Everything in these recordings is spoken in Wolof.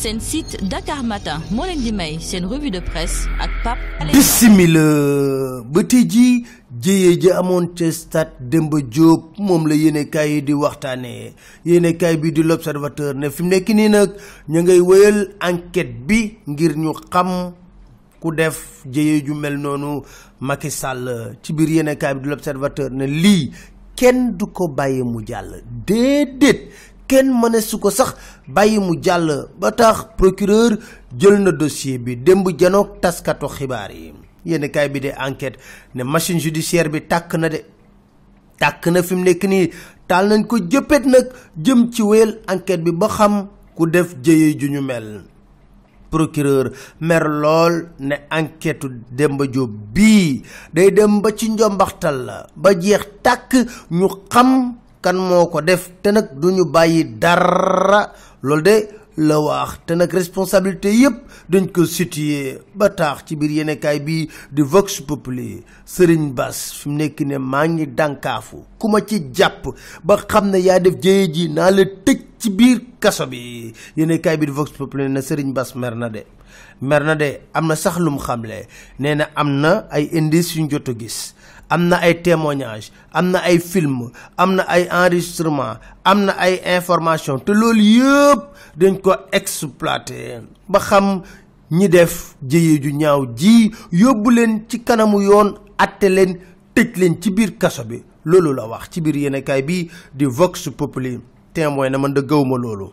seen site Dakar Matin moo leen di may seen revue de presse ak Pape Alé Bismillah ba tey jii ji amoon ca stade Demba Diop moom la yéenekaay yi di waxtaanee yéenekaay bi di l'Observateur ne fi mu nekk nii nag ñu ngay wéyal enquête bi ngir ñu xam ku def jéyee ju mel noonu Macky Sall ci biir yéenekaay bi di l'Observateur ne lii kenn du ko bàyyi mu jàll déedéet kenn mëneesu ko sax bàyyi mu jàll ba tax procureur jël na dossier bi démb janoog taskatu xibaar yi yéen kaay bi de enquete ne machine judiciaire bi tàkk na de tàkk na fi mu nekk nii taal nañ ko jëppet nag jëm ci wéyal enquete bi ba xam ku def jëye ju ñu mel procureur mer lool ne enquête Demba Diop bii day dem ba ci njombaxtal la ba jeex tàkk ñu xam kan moo ko def te nag du ñu bàyyi dara loolu de la wax te nag responsabilité yépp dañ ko situé ba taax ci biir yenekaay bi di Vox Populi Serigne Bass fi mu nekk ne maa ngi dànkaafu ku ma ci jàpp ba xam ne yaa def jëye ji naa la tëj ci biir kaso bi yenekaay bi di Vox Populi na Serigne Bass mer na de mer na de am na sax lum xamle nee na am na ay indices yu ñu jot a gis am na ay témoignages am na ay film am na ay enregistrement am na ay information te loolu yëpp dañ ko exploité ba xam ñi def jëye ju ñaaw ji yóbbu leen ci kanamu yoon atte leen tëj leen ci biir kaso bi loolu la wax ci biir yéenekaay bi di Vox Populi témoin na mën da gëwma loolu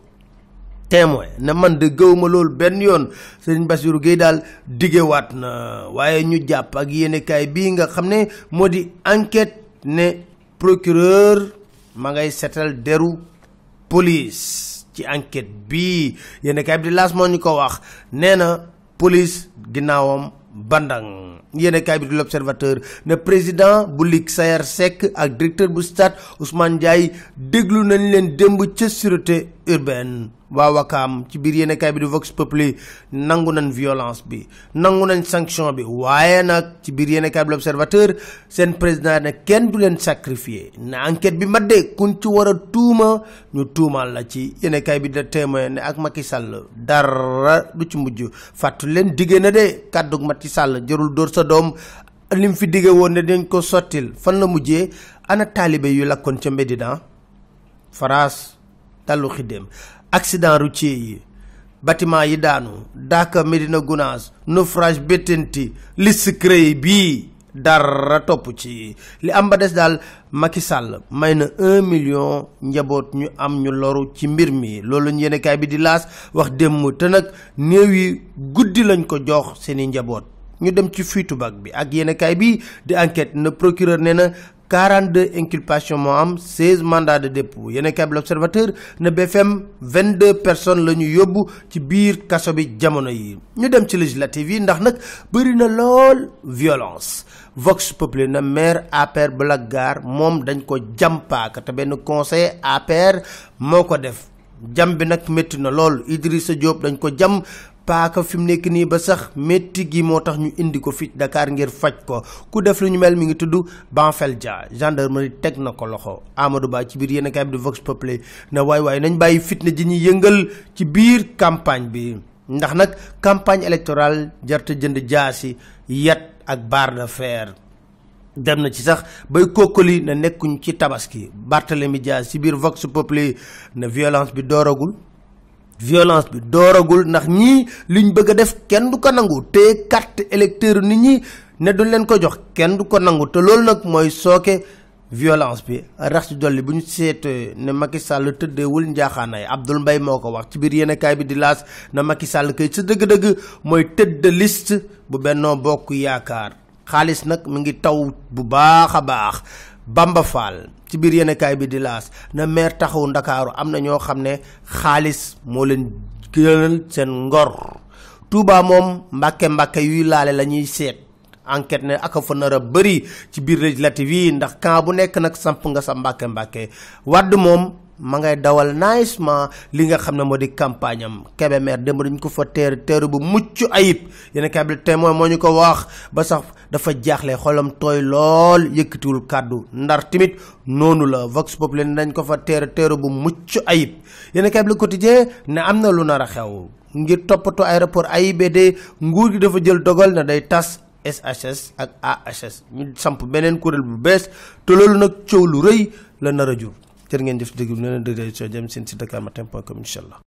témoin na man de gëwuma loolu benn yoon seen Bassirou Guèye daal diggewaat na waaye ñu jàpp ak yenekaay bii nga xam ne moo di enquete ne procureur ma ngay seetal deru police ci enquête bii yéenekaay bi di laas moo ñu ko wax nee na police ginnaawam bandang yéenekaay bi di l'observateur ne président bu Ligue Sayar Seck ak directeur bu stade Ousmane Ndiaye déglu nañ leen démb ca sûreté urbaine waa Wakaam ci biir yéenekaay bi di Vox Populi nangu nañ violence bi nangu nañ sanction bi waaye nag ci biir yéenekaay bi l'Observateur seen président ne kenn du leen sacrifié na enquête bi madde kuñ ci war a tuuma ñu tuumaal la ci yéenekaay bi da témoin ne ak Macky Sall dara du ci mujj fàttu leen diggée na de kàddug Macky Sall jërul dóor sa doom lim fi digge woon ne dañ ko sottil fan la mujjee ana taalibe yu lakkoon ca Médina Faras tallu xiddeem accident routier yi bâtiment yi daanu Daaka Medina Gounass naufrage Bettenty liste créé bii dara topp ci li am ba des daal Macky Sall may na un million njaboot ñu am ñu loru ci mbir mii loolu lañ yéenekaay bi di laas wax démb te nag néew yi guddi lañ ko jox seeni njaboot ñu dem ci fiitu bag bi ak yéenekaay bi di enquête na procureur nee na 42 inculpations moo am 16 mandats de dépôt yéen kay bi l'observateur ne BFM 22 personnes la ñu yóbbu ci biir kaso bi jamono yi ñu dem ci législative yi ndax nag bëri na lool violence Vox Populi na maire APR Blaggar moom dañ ko jàmpaaka te benn conseil APR moo ko def jam bi nag métti na lool Idrissa Diop dañ ko jam paaka fi mu nekk nii ba sax métti gi moo tax ñu indi ko fii Dakar ngir faj ko ku def lu ñu mel mi ngi tudd Banfel Dia gendarmerie teg na ko loxo Amadou Ba ci biir yéen kaay bi di Vox Populi na waay waay nañu bàyyi fitna ji ñuy yëngal ci biir campagne bi ndax nag campagne électorale jarte jënd jaasi yat ak barre de fer dem na ci sax bay kokkali na nekkuñ ci tabaski Barthélemy Dia ci biir Vox Populi na violence bi dooragul violence bi dooragul ndax ñii liñ bëgg a def kenn du ko nangu te carte électeur nit ñi ne duñ leen ko jox kenn du ko nangu te loolu nag mooy sooke violence bi rax ci dolli bu ñu seetee ne Macky Sall tëddeewul njaaxaanaay Abdoul mbay moo ko wax ci biir yéenekaay bi di laas na Macky Sall kay sa dëgg-dëgg mooy tëdd liste bu Benno Bokk Yaakaar xaalis nag mu ngi taw bu baax a baax Bamba Fall ci biir yenekaay bi di laas na maire taxawu ndakaaru am na ñoo xam ne xaalis moo leen gënal seen ngor Touba moom mbàkke mbàkke yuy laale la ñuy seet enquête ne aka fa nar a ci biir législative yi ndax camp bu nekk nag samp nga sa mbàkke mbàkke wadd moom ma ngay dawal nicement li nga xam ne moo di campagne am Kébémer démb dañ ko fa teer teeru bu mucc ayib yéen kay moo ñu ko wax ba sax dafa jaaxle xolam tooy lool yëkkatiwul kàddu ndar tamit noonu la Vox Populi dañ ko fa teer teeru bu mucc ayib yéen kay bi Le Quotidien ne am na lu nar a xew ngir toppatoo aéroport AIBD nguur gi dafa jël dogal na day tas SHS ak AHS ñu samp beneen kuréel bu bees te loolu nag coow lu rëy la nar a jur jërë ngeen jëf déglu ne leen dëgg soo jëm seen si Dakar Matin point com